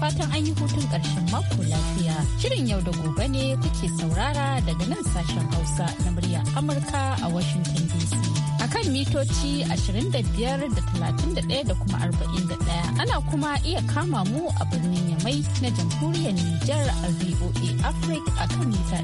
fatan an yi hutun ƙarshen mako lafiya. Shirin yau da gobe ne kuke saurara daga nan sashen Hausa na muryar Amurka a Washington DC. A kan mitoci 25 da 31 da kuma 41 ana kuma iya kama mu a birnin Yamai na jamhuriyar Nijar a VOA Africa a kan mita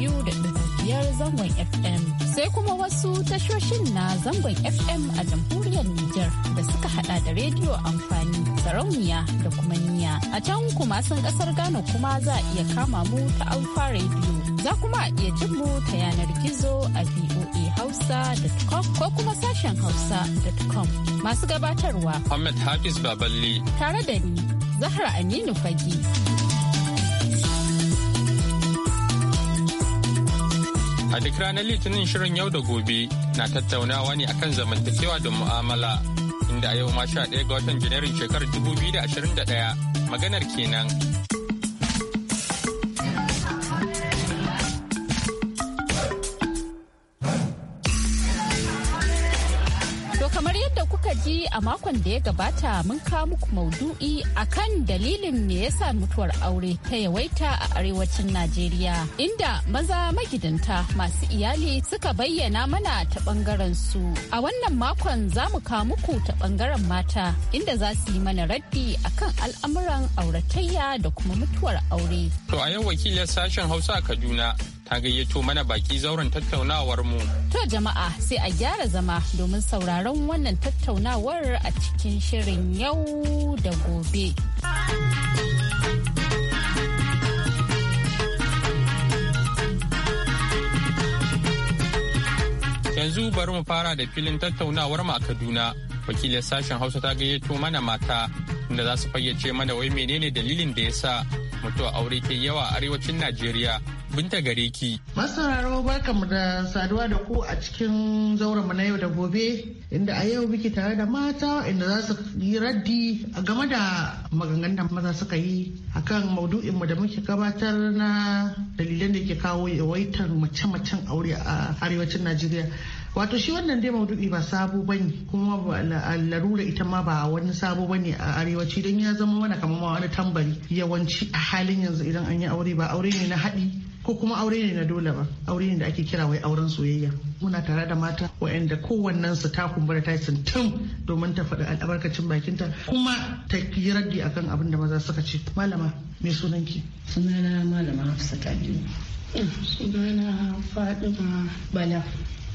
200.5 zangon FM. Sai kuma wasu tashoshin na zangon FM a jamhuriyar Nijar da suka hada da rediyo amfani. sarauniya da kuma niya. A can kuma sun kasar Ghana kuma za a iya kama mu ta Alfa Radio. Za kuma a iya jin mu ta yanar gizo a VOA Hausa.com ko kuma sashen hausa Hausa.com. Masu gabatarwa. Ahmed Hafiz baballi. Tare da ni, Zahra Aminu Fagi. A duk ranar Litinin shirin yau da gobe na tattaunawa ne akan zamantakewa da mu'amala inda a yau ma 11 ga watan janairun shekarar 2021 maganar kenan a makon da ya gabata mun kawo muku maudu'i akan dalilin me yasa mutuwar aure ta yawaita a arewacin Najeriya inda maza magidanta masu iyali suka bayyana mana ta bangaren su. A wannan makon za mu kawo muku ta bangaren mata inda za su yi mana raddi akan al'amuran auratayya da kuma mutuwar aure. To a yau wakilin sashen Hausa Kaduna ta gayyato mana baki zauren tattaunawar mu. To jama'a sai a gyara zama domin sauraron wannan tattaunawar a cikin shirin yau da gobe. Yanzu bari mu fara da filin tattaunawar a Kaduna. Wakilin sashen Hausa ta gayyato mana mata inda za su fayyace mana wai menene dalilin da ya sa mutuwa aure ke yawa a arewacin Najeriya binta gare ki. barka mu da saduwa da ku a cikin zauren mu na yau da gobe inda a yau biki tare da mata inda za su yi raddi a game da maganganun da maza suka yi akan maudu'in mu da muke gabatar na dalilan da ke kawo yawaitar mace-macen aure a arewacin Najeriya. wato shi wannan dai maudu'i ba sabo bane kuma larura ita ma ba wani sabo bane a arewaci don ya zama mana kamar wani tambari yawanci a halin yanzu idan an yi aure ba aure ne na haɗi ko kuma aure ne na dole ba aure ne da ake kira wai auren soyayya muna tare da mata waɗanda kowannen su ta kumbura ta tun domin ta faɗi albarkacin bakinta kuma ta yi raddi akan abin da maza suka ce malama me sunanki sunana malama hafsa aliyu sunana fadima bala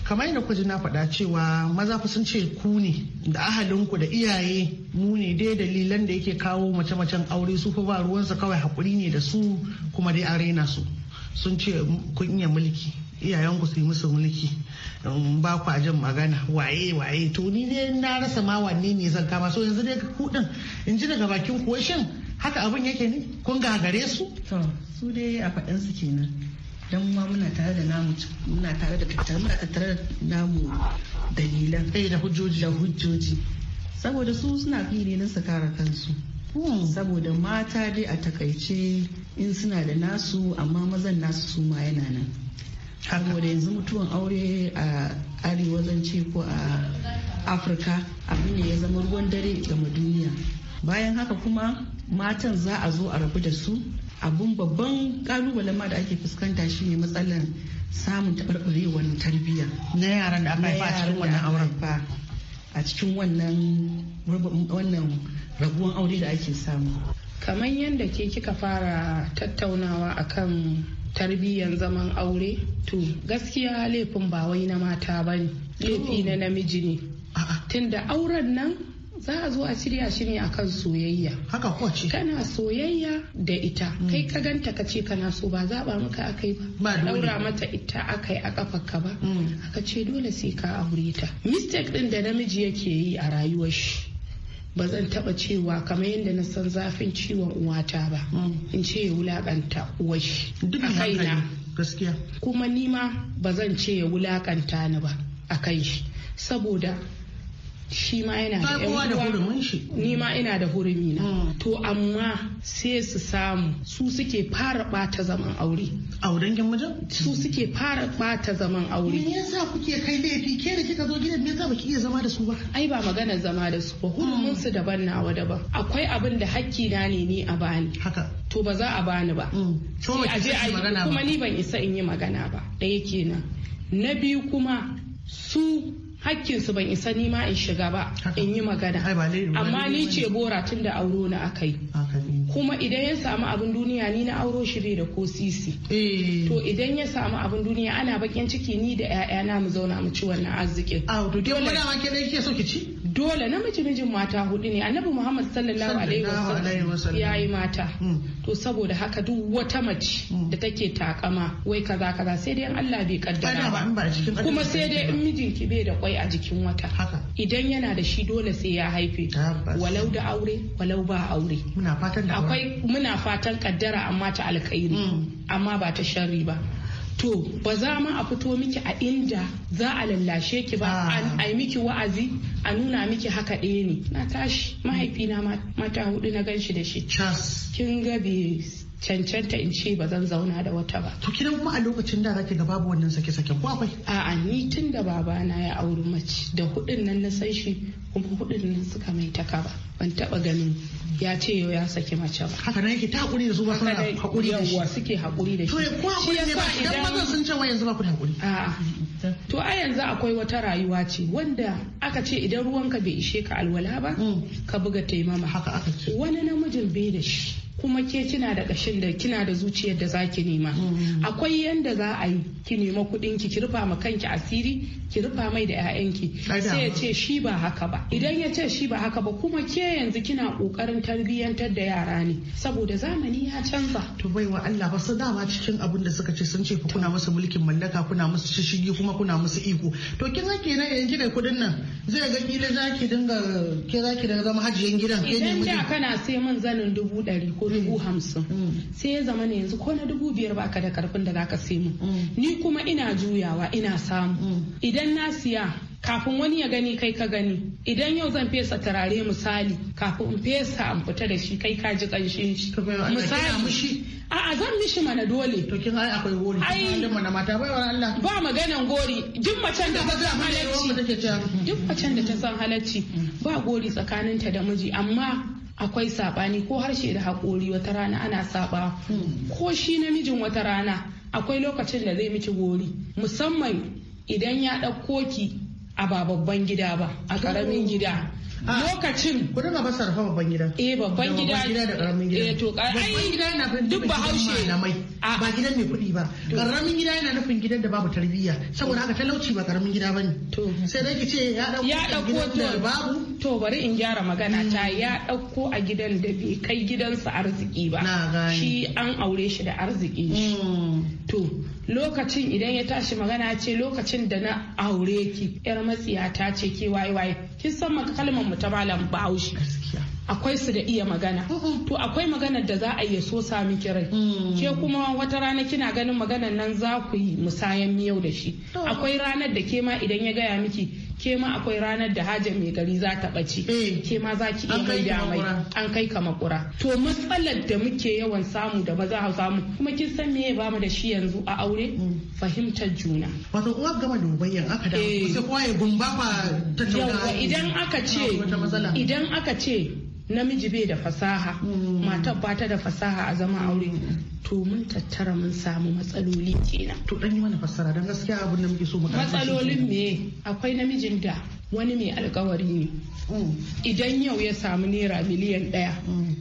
kamar yadda kuji na faɗa cewa maza fa sun ce ku ne da ahalinku da iyaye mu ne dai dalilan da yake kawo mace-macen aure su fa ba ruwansa kawai haƙuri ne da su kuma dai an raina su sun ce kun iya mulki iyayen ku su yi musu mulki ba kwa jin magana waye waye to ni ne na rasa ma wanne ne zan kama so yanzu dai din in ji daga bakin kuwa shin haka abin yake ne kun gagare su to su dai a faɗin su kenan dan ma muna tare da namu muna tare da tattare muna tattare da namu dalilan kai eh, da hujjoji da hujjoji saboda su suna fili na su kare kansu hmm. saboda mata dai a takaice in suna da nasu amma mazan nasu su ma yana nan saboda yanzu mutuwan aure a arewa zance ko a afirka abu ne ya zama ruwan dare ga duniya bayan haka kuma matan za a zo a rabu da su abun babban kalubalen ma da ake fuskanta shine matsalar samun tabarbarewar tarbiyya na yaran da aka a cikin wannan auren fa a cikin wannan rabuwan aure da ake samu kamar yadda ke kika fara tattaunawa a kan tarbiyyar zaman aure to gaskiya laifin ba wai na mata ba ne laifi na namiji ne tunda auren nan za a zo a shirya shi ne akan soyayya haka kwace kana soyayya da ita hmm. kai ka ganta ka ce kana so ba zaba maka akai ba ba daura mata ita akai a kafarka ba hmm. aka ce dole sai ka aure ta mistake din da namiji yake yi a rayuwar shi ba zan taba cewa kamar yadda na san zafin ciwon uwata ba mm. in ce ya wulakanta uwashi a kaina gaskiya kuma nima ba zan ce ya wulakanta ni ba a kai shi saboda shi ma yana da yan shi ni ma ina da hurumi na mm. to amma sai su samu su suke fara bata zaman aure a gin mijin su suke fara bata zaman aure me yasa kuke kai laifi ke da kika zo gidan me yasa baki iya zama da su ba ai ba magana zama da su ba hurumin su mm. daban nawa daban akwai abin da hakki na ne ni a bani haka to ba za a bani ba mm. sai a je a kuma ni ban isa in yi magana ba ɗaya kenan na biyu kuma su hakkin su ban isa nima in shiga ba in yi magana amma ni ce bora tun da auro na aka yi kuma idan ya samu abin duniya ni na auro shi bai da ko sisi eh. to idan ya samu abin duniya ana bakin ciki ni da 'ya'yana mu zauna mu ci wannan arzikin a to dai wani ke ci dole namiji mijin mata hudu ne annabi muhammad sallallahu alaihi wasallam ya yi mata hmm. to saboda haka duk wata mace hmm. da take takama wai kaza kaza sai dai Allah bai kaddara ba kuma sai dai in mijinki bai da kwai a jikin wata idan yana da shi dole sai ya haife walau da aure walau ba aure akwai muna fatan kaddara amma ta alkhairi hmm. amma ba ta sharri ba to ba za ma a fito miki a inda za a lallashe ki ba a ah. yi miki wa'azi a nuna miki haka ɗaya ne na tashi mahaifina mata hudu na ganshi da shi kin ga bai cancanta in ce ba zan zauna da wata ba. To kidan kuma a lokacin da zaki ga babu wannan sake saken ko akwai? A'a ni tun da babana ya auri mace da hudun nan na san shi kuma hudun nan suka mai ta ba ban taba ganin ya ce yau ya saki mace ba. Haka nan yake ta hakuri da su ba suna hakuri da shi. Yawwa suke hakuri da shi. To ko hakuri ne ba idan mazan sun ce wa yanzu ba ku da hakuri. A'a. To a yanzu akwai wata rayuwa ce wanda aka ce idan ruwanka bai ishe ka alwala ba mm. ka buga taimama. Haka aka ce. Wani namijin bai da shi. kuma ke kina da kashin da kina da zuciyar da zaki nema mm. akwai yanda za a yi ki nema kuɗin ki rufa ma kanki asiri ki rufa mai da ƴaƴanki sai ya ce shi ba haka ba idan ya ce shi ba haka ba kuma ke yanzu kina kokarin tarbiyyantar da yara ne saboda zamani ya canza to baiwa Allah ba su dama cikin abin da suka ce sun ce kuna musu mulkin mallaka kuna musu shishigi kuma kuna musu iko to kin ga kenan idan kika kudin nan zai ga kila zaki dinga ke zaki da zama hajiyan gidan ke ne idan da kana sai mun zanin dubu ɗari ko dubu mm. hamsin mm. sai ya zama ne yanzu ko na dubu biyar baka da karfin da zaka sai mu mm. ni kuma ina juyawa ina samu idan na siya kafin wani ya gani kai ka gani idan yau zan fesa turare misali kafin in fesa in fita da shi kai ka ji kanshin shi misali a zan mishi mana dole. To kin ai akwai gori. Ai mana mata bai wani Allah. Ba maganan gori. Duk macen da ta san halacci. Duk macen da ta san halacci ba gori tsakaninta da miji amma akwai saɓani ko harshe da haƙori wata rana ana saɓa hmm. ko shi namijin wata rana akwai lokacin da zai miki gori musamman idan ya ɗauko ki a ba babban gida ba a ƙaramin oh. gida Ah. lokacin ku dinga basar rufa babban gida eh babban gida gida da karamin gida eh to ai gida na nufin duk na mai. Ah. ba gidan mai kuɗi ba karamin gida yana nufin gidan da babu tarbiyya saboda haka talauci ba karamin gida bane to sai dai ki ce ya dauko ya dauko to babu to bari in gyara magana ta hmm. ya dauko a gidan da bai kai gidansa arziki ba shi an aure shi da arziki shi hmm. to lokacin idan ya tashi magana ce lokacin da na aure ki yar matsiya ta ce ke waye waye kin san kalmar mu ta malam bahaushe akwai su da iya magana to akwai magana da za a iya so sami kirai mm. ke kuma wata rana kina ganin maganan nan za ku yi musayan miyau da shi akwai ranar da ke ma idan ya gaya miki ke ma akwai ranar da hajar mai gari za ta ɓace mm. ke ma za ki iya mai an kai ka makura to matsalar da muke yawan samu da maza hausa mu kuma kin san meye ba mu da shi yanzu a aure mm. fahimtar juna wato uwa gama dubayyan aka da eh. sai kowa ya gumba fa tattauna idan aka ce idan aka ce namiji bai da fasaha mm. matar ba ta da fasaha a zama aure mm. to mun tattara mun samu matsaloli kenan to dan yi mana fassara dan gaskiya abin da muke so mu matsalolin me akwai namijin da wani mai alkawari ne mm. idan yau ya samu naira miliyan daya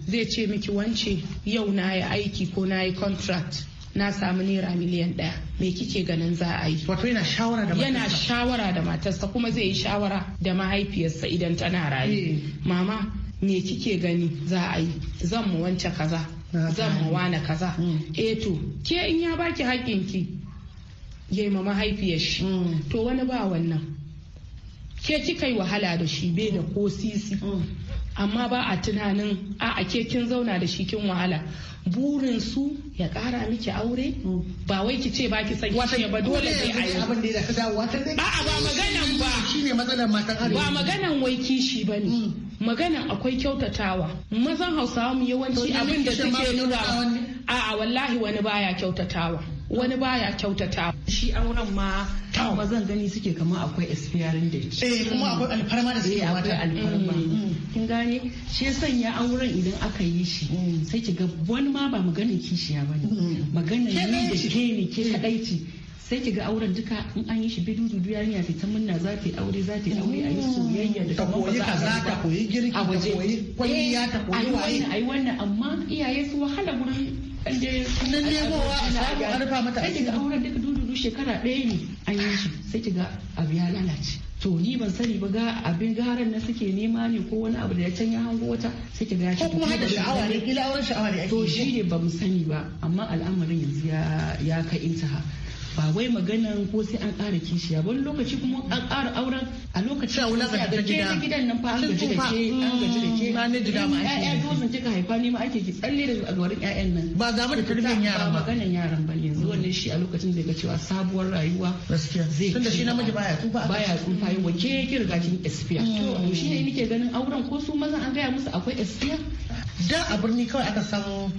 zai ce miki wance yau na yi aiki ko na yi contract na samu naira miliyan daya me kike ganin za a yi wato yana shawara da yana shawara da matarsa kuma zai yi shawara da mahaifiyarsa idan tana raye eh. mama me kike gani za a yi zan mu wance kaza ah, zan mu wane kaza hmm. eh to ke in ya baki ki ya ma mahaifiyar shi hmm. to wani ba wannan ke kika yi wahala da shi bai da ko sisi hmm. amma ba a tunanin a a ke kin zauna da shi kin wahala burin su ya kara miki aure ba wai ki ce ba ki san ki ba dole sai a yi abin da ka dawo wata dai a'a ba maganan ba shine matsalar matan arewa ba maganan wai kishi bane mm. maganan akwai kyautatawa mazan Hausawa mu yawanci abin da suke nuna a'a wallahi wani baya kyautatawa wani baya kyautata shi auren ma Kuma zan gani suke kamar akwai da date eh kuma akwai alfarma da suke eh, wata alfarma mm, mm. kin gane shi ya sanya auren idan aka yi shi mm. sai ki ga wani ma ba maganin kishiya bane maganin ni da ke ne ke kadaici sai ki ga auren duka in an yi shi bidu dudu yarinya ta munna za ta yi aure za ta yi aure a yi soyayya da kuma koyi za ta koyi girki ta koyi kwalliya ta eh, koyi waye yi wannan amma iyaye su wahala gurin nan nemowa a samu a rufa mata sai daga auren duka dududu shekara ɗaya ne an yi shi sai kiga abu ya lalace to ni ban sani ba ga abin garan na suke nema ne ko wani abu da ya can ya hango wata sai kiga ya ko kuma hada sha'awa ne kila auren sha'awa ne to shi ne ba mu sani ba amma al'amarin yanzu ya kai intaha ba wai magana ko sai an ƙara kishiya ba lokaci kuma an ƙara auren a lokacin sai a gaje na gidan nan fa an gaji da ke an gaji da ke na mm, miji da ma ake dozin kika haifa ne ma ake ki tsalle da alwarin ƴaƴan nan ba ga mu da karfin yaran ba maganan yaran ba yanzu wannan shi a lokacin da ga cewa sabuwar rayuwa gaskiya zai tunda shi namiji baya tsufa baya tsufa yau ke ki riga kin expire to mm. shi ne nake ganin auren ko su maza an gaya musu akwai expire da a birni kawai aka samu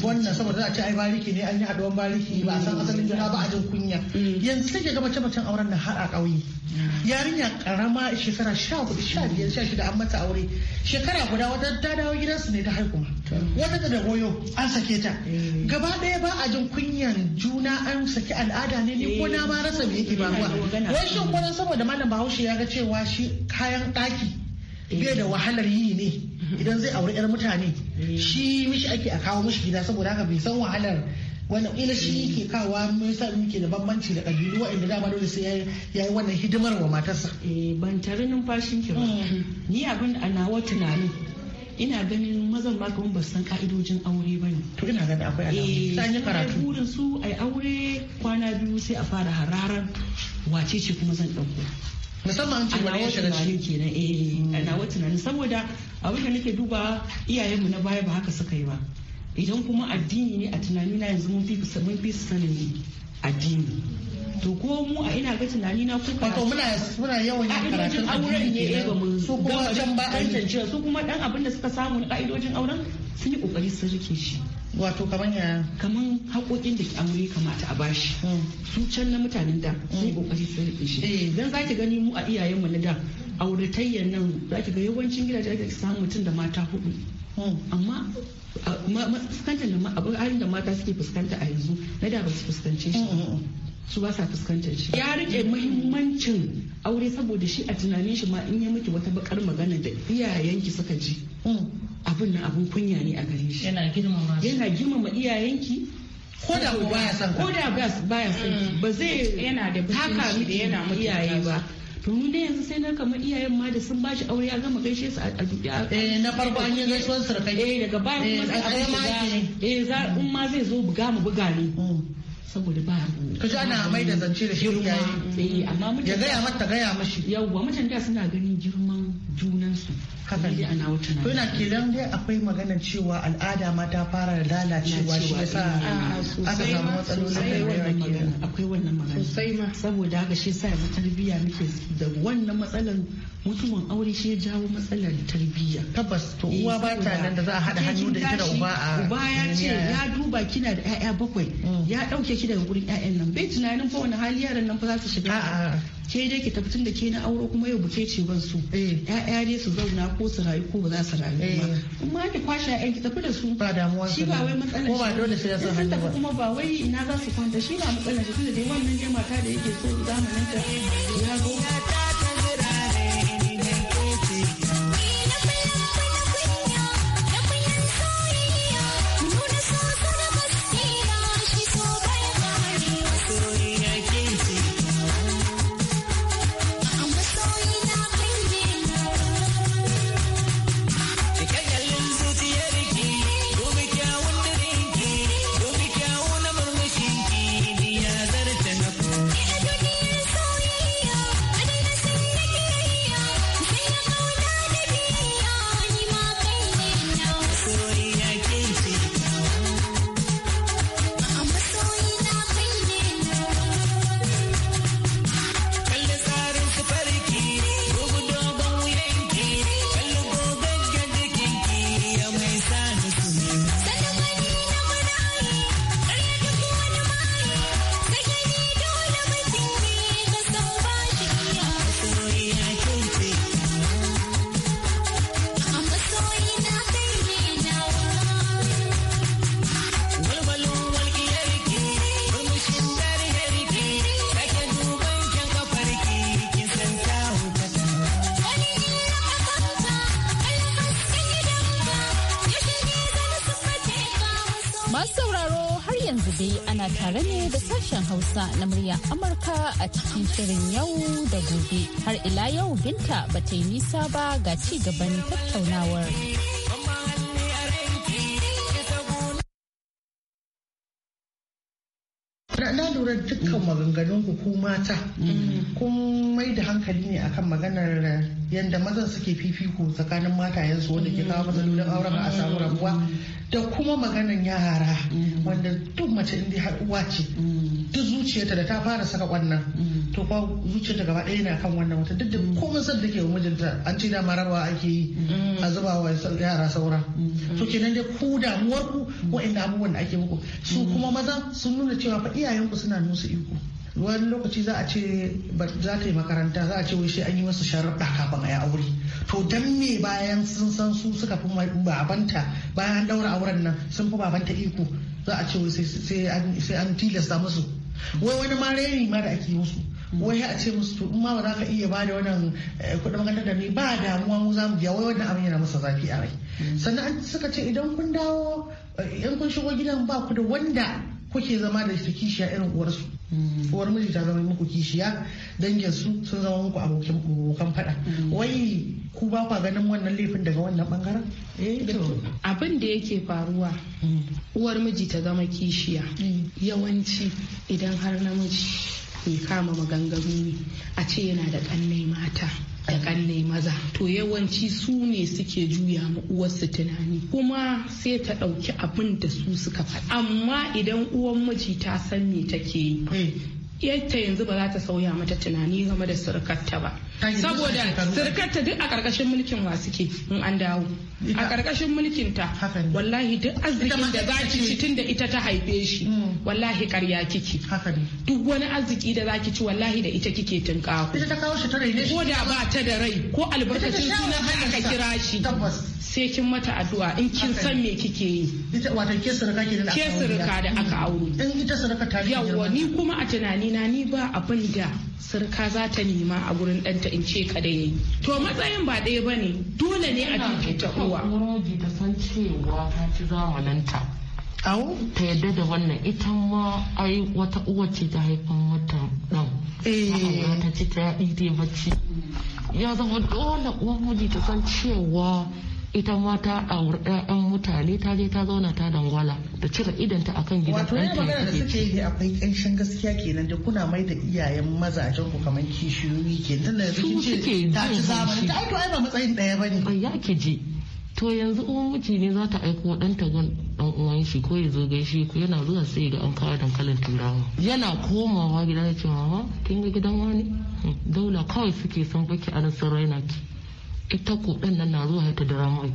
wannan saboda za a ce ai bariki ne an yi haduwan bariki ba a san asalin juna ba a jin kunya mm. yanzu sai ga mace macen auren nan har a ƙauye mm. yarinya karama shekara sha hudu sha biyar sha shida an mata aure shekara guda wata ta dawo gidansu ne ta haihu wata da goyo an sake ta mm. gaba ɗaya ba a jin kunyan juna an saki al'ada ne ni ko na ma rasa me yake ba eh, wai shin kwanan saboda malam bahaushe ya ga cewa shi kayan ɗaki bai da wahalar yi ne idan zai auri yar mutane shi mishi ake a kawo mishi gida saboda haka bai san wahalar wannan ila shi ke kawa mai sa muke da bambanci da kabilu waɗanda dama dole sai ya yi wannan hidimar wa matarsa. Eh ban tare numfashin ki ba. Mm. Ni abin a nawa tunanin ina ganin mazan ma kuma ba san ka'idojin aure ba ne. To ina ganin akwai alamu. Eh, sai karatu. Eh burin su ai aure kwana biyu sai a fara hararar wace ce kuma zan ɗauko. musamman ce kenan eh ana wa nan saboda abin da nake duba iyayenmu na baya ba haka suka yi ba idan kuma addini ne a tunani na yanzu mun fi mun fi sanin addini to ko mu a ina ga tunani na ko wato muna muna yawan yin karatun auren ne eh, ba mu su kuma can ba an tantance su kuma dan abin da suka samu na ka'idojin auren sun yi kokari sun rike shi wato kaman ya kaman haƙoƙin da aure kamata a bashi mm. su can na mutanen da sun yi kokari mm. sun rike shi eh, dan zaki gani mu a iyayenmu na da auratayyar nan zaki ga yawancin gidaje ake samun mutum da mata hudu mm. amma fuskantar da abin da mata suke fuskanta a yanzu na da ba su fuskance shi su ba sa fuskantar shi ya rike muhimmancin aure saboda shi a tunanin shi ma in ya miki wata bakar magana da iyayenki suka ji mm. abin nan abin kunya ne a gare shi yana girmama yana girmama iyayenki ko da ba ya san ko da ba ya san ba zai yana da haka da yana iyaye ba to mun dai yanzu sai na kama iyayen ma da sun ba shi aure ya gama gaishe su a dukiya eh na farko an yi gaisuwar sarkai eh daga baya kuma eh, sai a ga eh za in ma zai zo buga mu buga ne mm. saboda ba ka ji ana mai da zance da shi yayi eh, amma ya gaya mata gaya mashi yawwa mutane da suna ganin girman junan su hakan ne ana wuta to na kenan dai akwai magana cewa al'ada ma ta fara lalacewa shi yasa eh, aka samu matsaloli akwai wannan magana sosai ma saboda haka shi yasa yanzu tarbiyya muke da wannan matsalan mutuwan aure shi ya jawo matsalar tarbiyya tabbas to eh, uwa ba ta nan da za a haɗa hannu da ita da uba a uba ya ce ya duba kina da ƴaƴa bakwai mm. ya ɗauke ki daga gurin ƴaƴan nan bai tunanin fa wani hali yaran nan fa za su shiga ke dai ke tafi tun da ke na auro kuma yau buke ce ban su eh. ƴaƴa dai su zauna ko su rayu ko ba za su rayu ba eh. kuma ki kwashe ƴaƴan ki tafi da su ba damuwa shi ba wai matsalar ko ba dole sai sun hannu ba kuma ba wai na za su kwanta shi ba matsalar shi tunda dai wannan jama'a mata da yake so zamanin ta ya zo Hausa na murya Amurka a cikin shirin yau da gobe. Har ila yau Binta ba ta yi nisa ba ga ci gaban tattaunawar. na lura dukkan maganganun hukumata mata mm. kun mai da hankali ne akan maganar yadda mazan suke fifiko tsakanin matayensu wanda ke kawo matsalolin auren a samu rabuwa da kuma maganan yara wanda duk mace inda har uwa ce duk zuciyarta da ta fara saka wannan to kwa zuciyarta gaba ɗaya na kan wannan wata duk da komai san da ke mijinta an ce dama rabawa ake yi a zuba wa yara saura to kenan dai ku damuwar ku abubuwan da ake muku su kuma maza sun nuna cewa fa iyayenku suna nusa iko wani lokaci za a ce za ta yi makaranta za a ce wai sai an yi masa sharaɗa kafin a yi aure to dan me bayan sun san su suka fi babanta bayan an daura auren nan sun fi babanta iko za a ce wai sai an tilasta musu wai wani ma reni ma da ake musu wai a ce musu to ma ba za ka iya bada wannan eh, kuɗin makarantar da ni ba damuwa mu za mu biya wai wannan abin yana masa zafi a rai sannan suka ce idan kun dawo yan eh, kun shigo gidan ba ku da wanda kuke zama da shi kishiya irin uwarsu Mm. uwar miji ta zama muku kishiya dangin su sun zama muku abokin abokan fada mm. wai ku ba kwa ganin wannan laifin daga wannan bangaren eh abin da yake faruwa mm. uwar miji ta zama kishiya yawanci idan har namiji ya kama maganganu ne a ce yana da kannai mata da kanne maza to yawanci su ne suke juya ma uwarsu tunani kuma sai ta ɗauki abin da su suka faɗa amma idan uwan miji ta san me take yi mm. yadda yanzu ba za ta sauya mata tunani game da surukarta ba saboda sirkarta duk a karkashin mulkin wa suke in an dawo a karkashin mulkin ta wallahi duk arzikin da za ki ci tun da ita ta haife shi hmm. wallahi karya kiki duk wani arziki da za ki ci wallahi da ita kike kawo. ko da ba ta da rai ko albarkacin sunan aka kira shi sai kin mata addu'a in kin san me kike yi wato ke sirka ke da aka aure in ita ta yawa ni kuma a tunanina ni ba abin da sarka za ta nema a gurin ɗanta in ce kadai ne to matsayin ba ɗaya ba ne dole ne a ta uwa ta san cewa ta ci zamananta. awo ta yadda da wannan ita ma ai wata uwa ce ta haifan wata ɗan eh. ta ci ta yaɗi dai bacci ya zama dole uwa ta san cewa ita ma ta auri ɗayan mutane ta je ta zauna ta dangwala da cire idanta akan gidan wato yana magana da suke yi akwai ƙanshin gaskiya kenan da kuna mai da iyayen mazajen ku kamar kishiyoyi ke nan da Su ce ta ci zamani ta aiko ai ba matsayin ɗaya ne ai ya ke ji to yanzu uwan miji ne za ta aiko ɗanta gun dan uwan shi ko ya zo gaishe ku yana zuwa sai ga an kawo dankalin turawa yana komawa gida ya ce mama kin ga gidan wani hmm. daula kawai suke son baki a nasarar yana ki ita ɗan nan na zuwa ta da ramai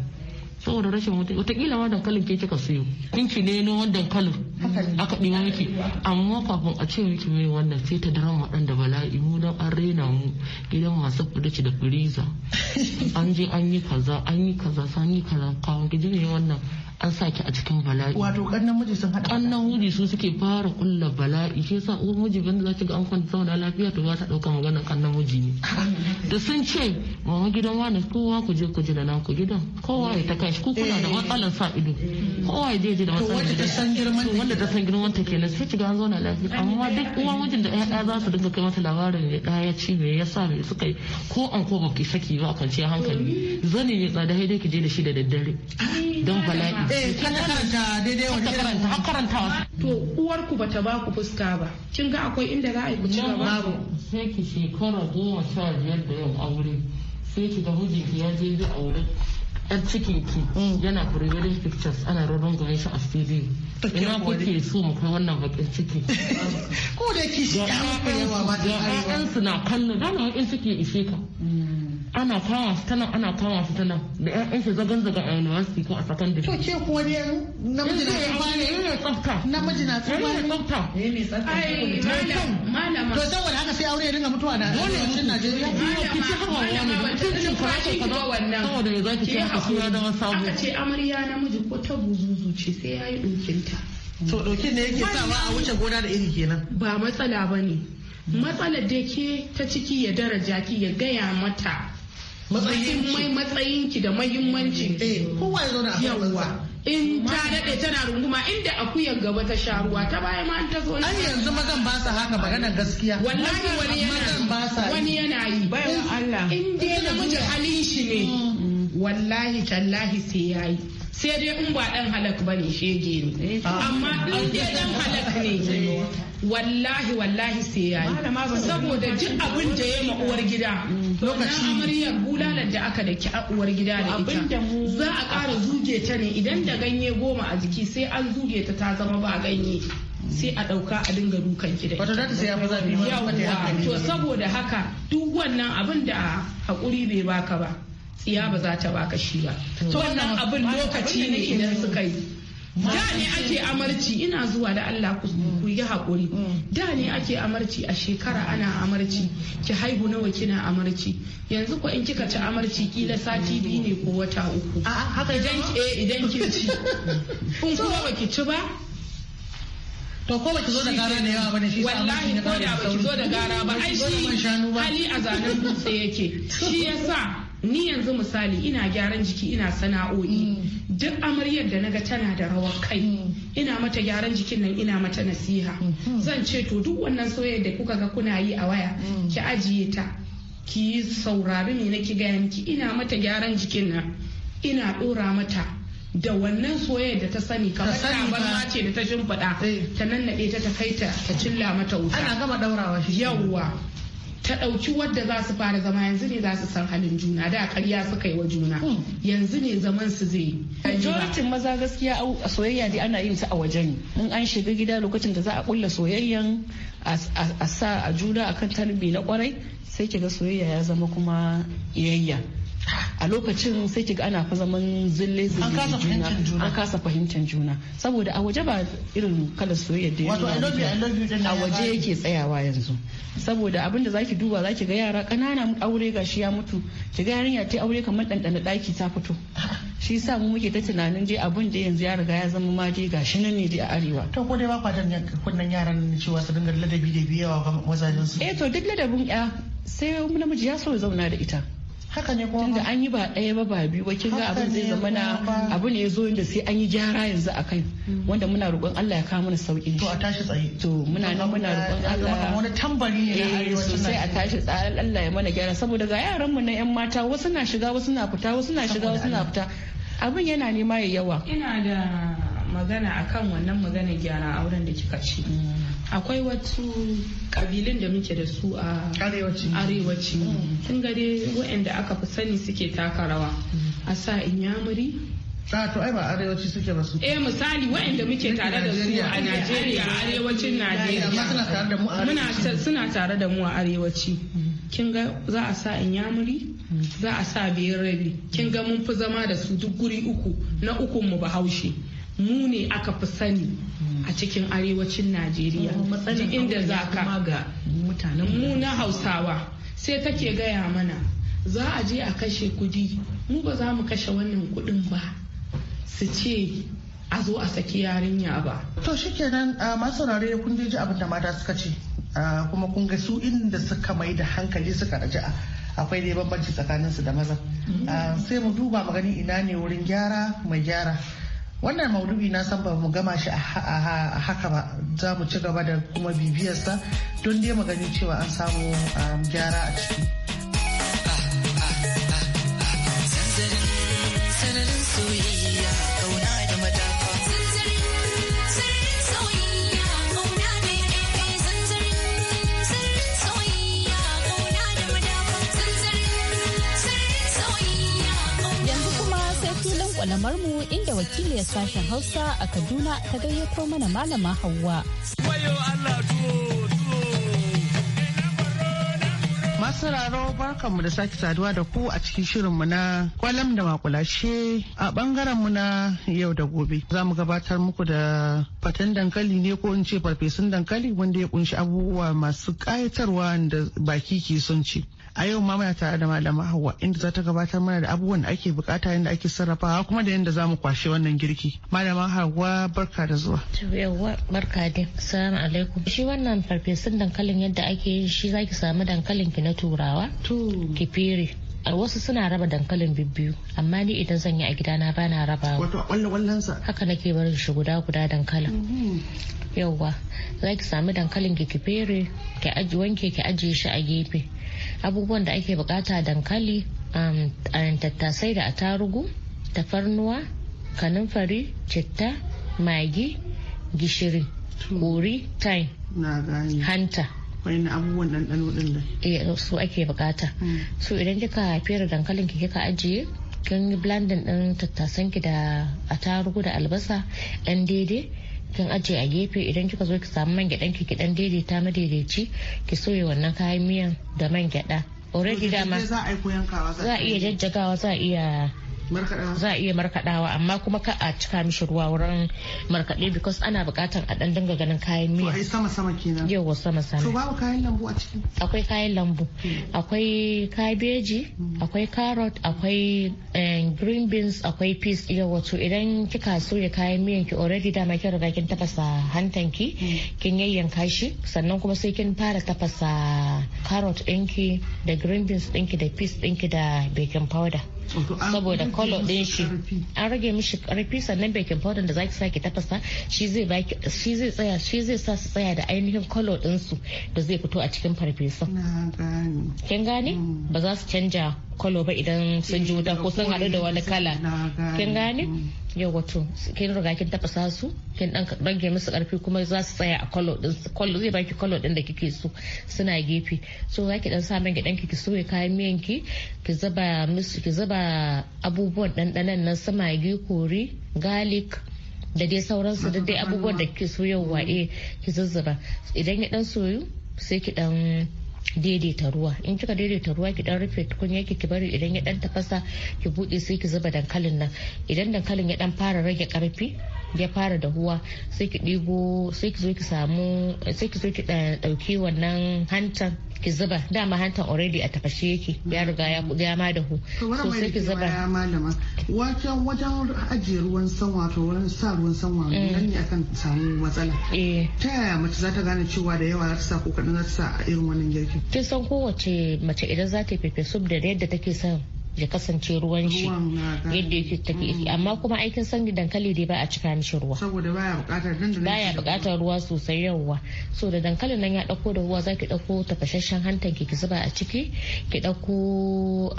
saboda rashin wata watakila ma dankalin ke kika siyo ɗinki ne na wani dankalin aka ɗiwa miki amma kafin a ce miki mai wannan sai ta daren da bala'i mu don an rena mu gidan masu kudaci da firiza an je an yi kaza an yi kaza san yi kaza kawon gidi ne wannan an ki a cikin bala'i wato kannan miji sun hada kannan miji su suke fara kulla bala'i shi yasa uwar miji banda za ki ga an kwanta zauna lafiya to ba ta ɗauka maganar kannan miji ne da sun ce mama gidan wani kowa ku je ku ji da ku gidan kowa ya ta kashi ko kuna da eh. matsalar sa ido kowa ya je ji da matsalar To wanda ta san girman ta kenan sai ki ga an zauna lafiya amma duk uwar mijin da ɗaya za su dinga kai mata labarin ne ɗaya ya ci me yasa me suka yi ko an ko ba ki saki ba kwanciyar hankali zani ne tsada haidai ki je da shi da daddare don bala'i Eh, karanta daidai wani to uwar ku bata ba ku fuska ba kin ga akwai inda za a yi ku ci gaba sai ki shekara goma sha biyar da yau aure sai ki ga mijinki ya je zai aure yan cikin ki mm. yana prevailing pictures ana rarrungume shi a fili ina kuke so mu kai wannan bakin ciki ko da ki shi ya muku yawa ba da arewa na kallon gane bakin ciki ishe ka mm. ana kawo su tana ana kawo su tana da ƴaƴan zagan zaga a university ko a secondary to ke ko ne namiji na tsafta ne eh, eh, tsafta namiji na tsafta eh, ne tsafta ne me tsafta ai malam malam to saboda haka sai aure ya dinga mutuwa da dole cikin Najeriya ki ci hawa wani mutum cin farashi ka ba wannan saboda me ki ci aure zama sabo aka ce amarya namiji ko ta buzuzu ce sai yi ɗaukinta. to ɗaukin ne yake sawa a wuce gona da iri kenan ba matsala bane matsalar da ke ta ciki ya daraja ki ya gaya mata matsayin ki da mahimmanci eh, kowa ya zauna a yawwa in ta daɗe tana runguma inda akuyan gaba ta sha ruwa ta baya ma ta zo an yanzu mazan ba sa haka maganar gaskiya wallahi wani yana yi. wani yana yi bayan Allah in dai namiji halin shi ne mm. wallahi tallahi sai ya yi sai dai in ba dan halak ba ne shege ne eh, amma in dai dan halak ne wallahi wallahi sai ya yi saboda duk abin da ya ma uwar gida mm. lokaci amaryar bulalar da aka daki a uwar gida da ita za a ƙara zuge ta ne idan da ganye goma a jiki sai an zuge ta ta zama ba ganye sai a dauka a dinga dukan ki da wato sai ya fi to saboda haka duk wannan abin da hakuri bai baka ba tsiya ba za ta baka shi ba wannan abin lokaci ne idan suka yi da ne ake amarci ina zuwa da Allah ku mm. yi haƙuri mm. da ne ake amarci a shekara ana amarci ki haihu nawa kina amarci yanzu ko in kika ci amarci kila sati mm. biyu ne ko wata uku haka idan eh, idan kin ci kun kuma baki ci ba to ko baki zo da gara da yawa bane shi sa wallahi ko da baki zo da gara ba ai shi hali a zanen dutse yake shi yasa ni yanzu misali ina gyaran jiki ina sana'o'i mm. duk amaryar da naga tana da rawar kai mm. ina mata gyaran jikin nan ina mata nasiha mm. zan ce to duk wannan soyayyar da kuka ga kuna yi a waya ki ajiye ta ki saurari ne na ki gaya miki ina mata gyaran jikin nan ina dora mata da wannan soyayya da ta sani kamar tabarma ce da ta shimfiɗa eh. ta nannaɗe ta ta kai ta ta cilla mata wuta ana gama daurawa shi yawwa ta ɗauki wadda za su fara zama yanzu ne za su san halin juna da karya suka yi wa juna hmm. yanzu ne zaman su zai yi. majoritin maza gaskiya a soyayya dai ana yin su a wajen in an shiga gida lokacin da za a kulla soyayyan a sa a juna akan tarbi na kwarai sai kiga soyayya ya zama kuma yayya a lokacin sai kiga ana fa zaman zille zille juna an kasa fahimtar juna saboda a waje ba irin kalar soyayya da wato a waje yake tsayawa yanzu saboda abin da zaki duba zaki ga yara kanana aure gashi ya mutu kiga yarinya ta aure kamar dandana daki ta fito shi yasa mu muke ta tunanin je abin da yanzu ya riga ya zama ma dai gashi nan ne dai a arewa to ko dai ba kwa dan kunnan yaran cewa su dinga ladabi da biyawa ga mazajin su eh to duk ladabin ya sai namiji ya so ya zauna da ita haka ne kuma tunda an yi ba ɗaya ba ba biyu ba kin ga abin zai zama na abu ne zo da sai an yi gyara yanzu a kai wanda muna roƙon Allah ya kawo mana sauki to a tashi tsaye to muna nan muna roƙon Allah mana tambari ne na eh, arewacin sai a tashi tsaye Allah ya mana gyara saboda ga yaran mu na yan mata wasu na shiga wasu na fita wasu na shiga wasu na fita abin yana nema ya yawa ina da magana akan wannan magana gyara auren da kika ce akwai wasu kabilun da muke da su a arewacin Sun gare waɗanda aka fi sani suke taka rawa a sa inyamuri a to ai ba arewaci suke ba su eh misali waɗanda muke tare da su a Najeriya arewacin Najeriya suna tare da mu a arewaci kin ga za a sa inyamuri za a sa biyar rabi kin ga mun fi zama da su duk guri uku na ukun mu bahaushe mu ne aka fi sani a cikin arewacin najeriya inda za ka mu na hausawa sai take gaya mana za a je a kashe kudi mu ba za mu kashe wannan kudin ba su ce a zo a saki yarinya ba to shikenan masu rare kun je ji abinda mata suka ce kuma kun ga su inda suka mai da hankali suka raja'a akwai dai bambanci tsakaninsu da maza mm. sai mu duba mu gani ina ne wurin gyara mai gyara wannan maudubi na san ba mu gama shi a haka ba za mu ci gaba da kuma bibiyarsa don dai mu gani cewa an samu um, gyara a ciki mu inda wakiliyar sashen Hausa a Kaduna ta gayyato mana malama Hauwa. Wayo Masu raro barkanmu da sake saduwa da ku a cikin shirinmu na kwalam da makulashe a bangaren mu na yau da gobe. Za mu gabatar muku da fatan dankali ne ko in ce farfesun dankali wanda ya kunshi abubuwa masu kayatarwa da baki ke son ci. a yau ma muna tare da malama hawa inda za ta gabatar mana da abubuwan da ake bukata yadda ake sarrafawa kuma da yadda za mu kwashe wannan girki malama hawa barka da zuwa yawwa barka da salamu alaikum shi wannan farfesun dankalin yadda ake yin shi zaki samu dankalin ki na turawa kifiri wasu suna raba dankalin bibbiyu amma ni idan zan yi a gida na bana raba wato wallan haka nake barin shi guda guda dankalin mm-hmm. yauwa za ki sami dankalin ki ki fere ki aji wanke ki ajiye shi a gefe abubuwan da ake bukata dankali a um, um, tattasai da atarugu tafarnuwa kanumfari citta magi gishiri kori time hanta wani abubuwan ɗanɗano ɗin da. Eh, su ake bukata hmm. so idan kika fere dankalin ki kika ajiye kin yi blandin ɗin tattasan ki da attarugu da albasa ɗan daidai kin ajiye a gefe idan kika zo ki samu man gyaɗan ki ki ɗan daidaita madaidaici ki soya wannan kayan miyan da man gyaɗa already dama za a iya jajjagawa za a iya za a iya markaɗawa amma kuma ka a cika mishi ruwa wurin markaɗe because ana buƙatar a ɗan dinga ganin kayan miya. Ai sama sama kenan. Yawwa sama sama. To babu kayan lambu a cikin. Akwai kayan lambu. Hmm. Akwai kabeji, hmm. akwai carrot, akwai eh, green beans, akwai peas yawwa to idan kika soya kayan miyan ki already dama kin riga kin tafasa hantanki hmm. kin yayyanka shi sannan kuma sai kin fara tafasa carrot ɗinki da green beans ɗinki da peas ɗinki da baking powder. saboda kolo din shi an rage mishi karfi sannan baking powder da zaki sake tafasa shi zai tsaya shi zai sa su tsaya da ainihin kolo din su da zai fito a cikin farfesa kin gane mm. ba za su canja kwalo ba idan sun juta wuta ko sun haɗu da wani kala kin gane yau wato kin riga kin tafasa su kin dan rage musu karfi kuma za su tsaya a kwalo din kwalo zai baki kwalo din da kike so suna gefe so za ki dan sa mai gidan ki soya kayan miyan ki ki zuba musu ki zuba abubuwan ɗanɗanan nan su magi kori garlic da dai sauransu da dai abubuwan da kike so yau eh ki zuzzuba idan ya dan soyu sai ki dan daidaita ruwa in kika daidaita ruwa ki dan rufe tukunya ki ki bari idan ya dan tafasa ki bude sai ki zuba dankalin nan idan dankalin ya dan fara rage karfi ya fara dahuwa sai ki digo sai ki zo ki samu sai ki zo ki dauki wannan hantan ki zuba dama hantan already a tafashe yake ya riga ya ya ma da hu so sai ki zuba ya malama wajen wajen ajiye ruwan sanwa to wurin sa ruwan sanwa mm. nan ne akan samu matsala eh. ta yaya mace za ta gane cewa da yawa za ta sa ko kadan za ta sa irin wannan girki kin san kowace mace idan za ta fefe sub da yadda take son ya kasance ruwan shi yadda yake take mm. amma kuma aikin sanyi dankali dai ba a cika mishi ruwa saboda baya bukatar ruwa sosai yawa so da dankalin nan ya dauko da ruwa zaki dauko tafashashen hantan ki ki zuba a ciki ki dauko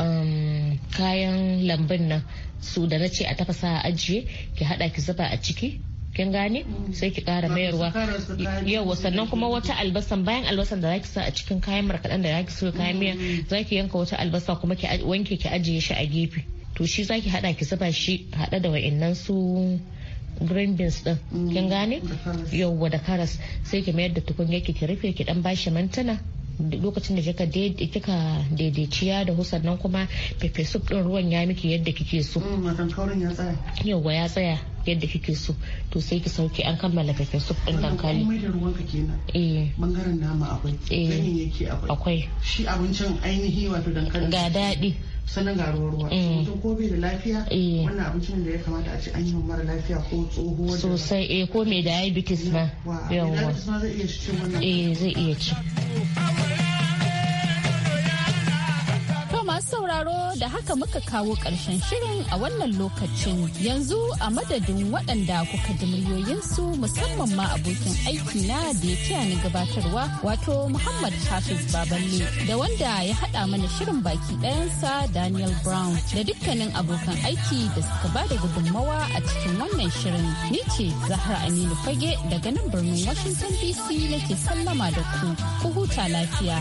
um, kayan lambun nan su da na ce a tafasa a ajiye ki hada ki zuba a ciki kin gane sai ki kara mayarwa yau sannan kuma wata albasan bayan albasan da zaki sa a cikin kayan markaɗen da zaki so kayan miya zaki yanka wata albasa kuma ki wanke ki ajiye shi a gefe to shi zaki hada ki zuba shi hada da wa'annan su green beans din kin gane yauwa da karas sai ki mayar da tukunya ki rufe ki dan bashi mantana lokacin da kika daidaiciya da husan nan kuma pepe sup din ruwan ya miki yadda kike so mm, yawa ya tsaya yadda kike so to sai ki sauke an kammala pepe soup din dankali komai da ruwanka kenan eh bangaren nama akwai eh. yake akwai akwai shi abincin ainihi wato dankali ga daɗi sannan ga ruwa ruwa eh. mutum ko bai da lafiya eh. wannan abincin da ya kamata a ce an yi wa mara lafiya ko tsoho sosai eh ko mai diabetes ma yawa eh zai iya ci sauraro da haka muka kawo ƙarshen shirin a wannan lokacin yanzu a madadin waɗanda kuka ji muryoyinsu musamman ma abokin aiki na da ya kiya ni gabatarwa wato Muhammad Hafiz Baballe da wanda ya haɗa mana shirin baki ɗayansa Daniel Brown da dukkanin abokan aiki da suka ba da gudunmawa a cikin wannan shirin. Ni ce Zahra Aminu Fage daga nan birnin Washington DC nake sallama da ku. Ku huta lafiya.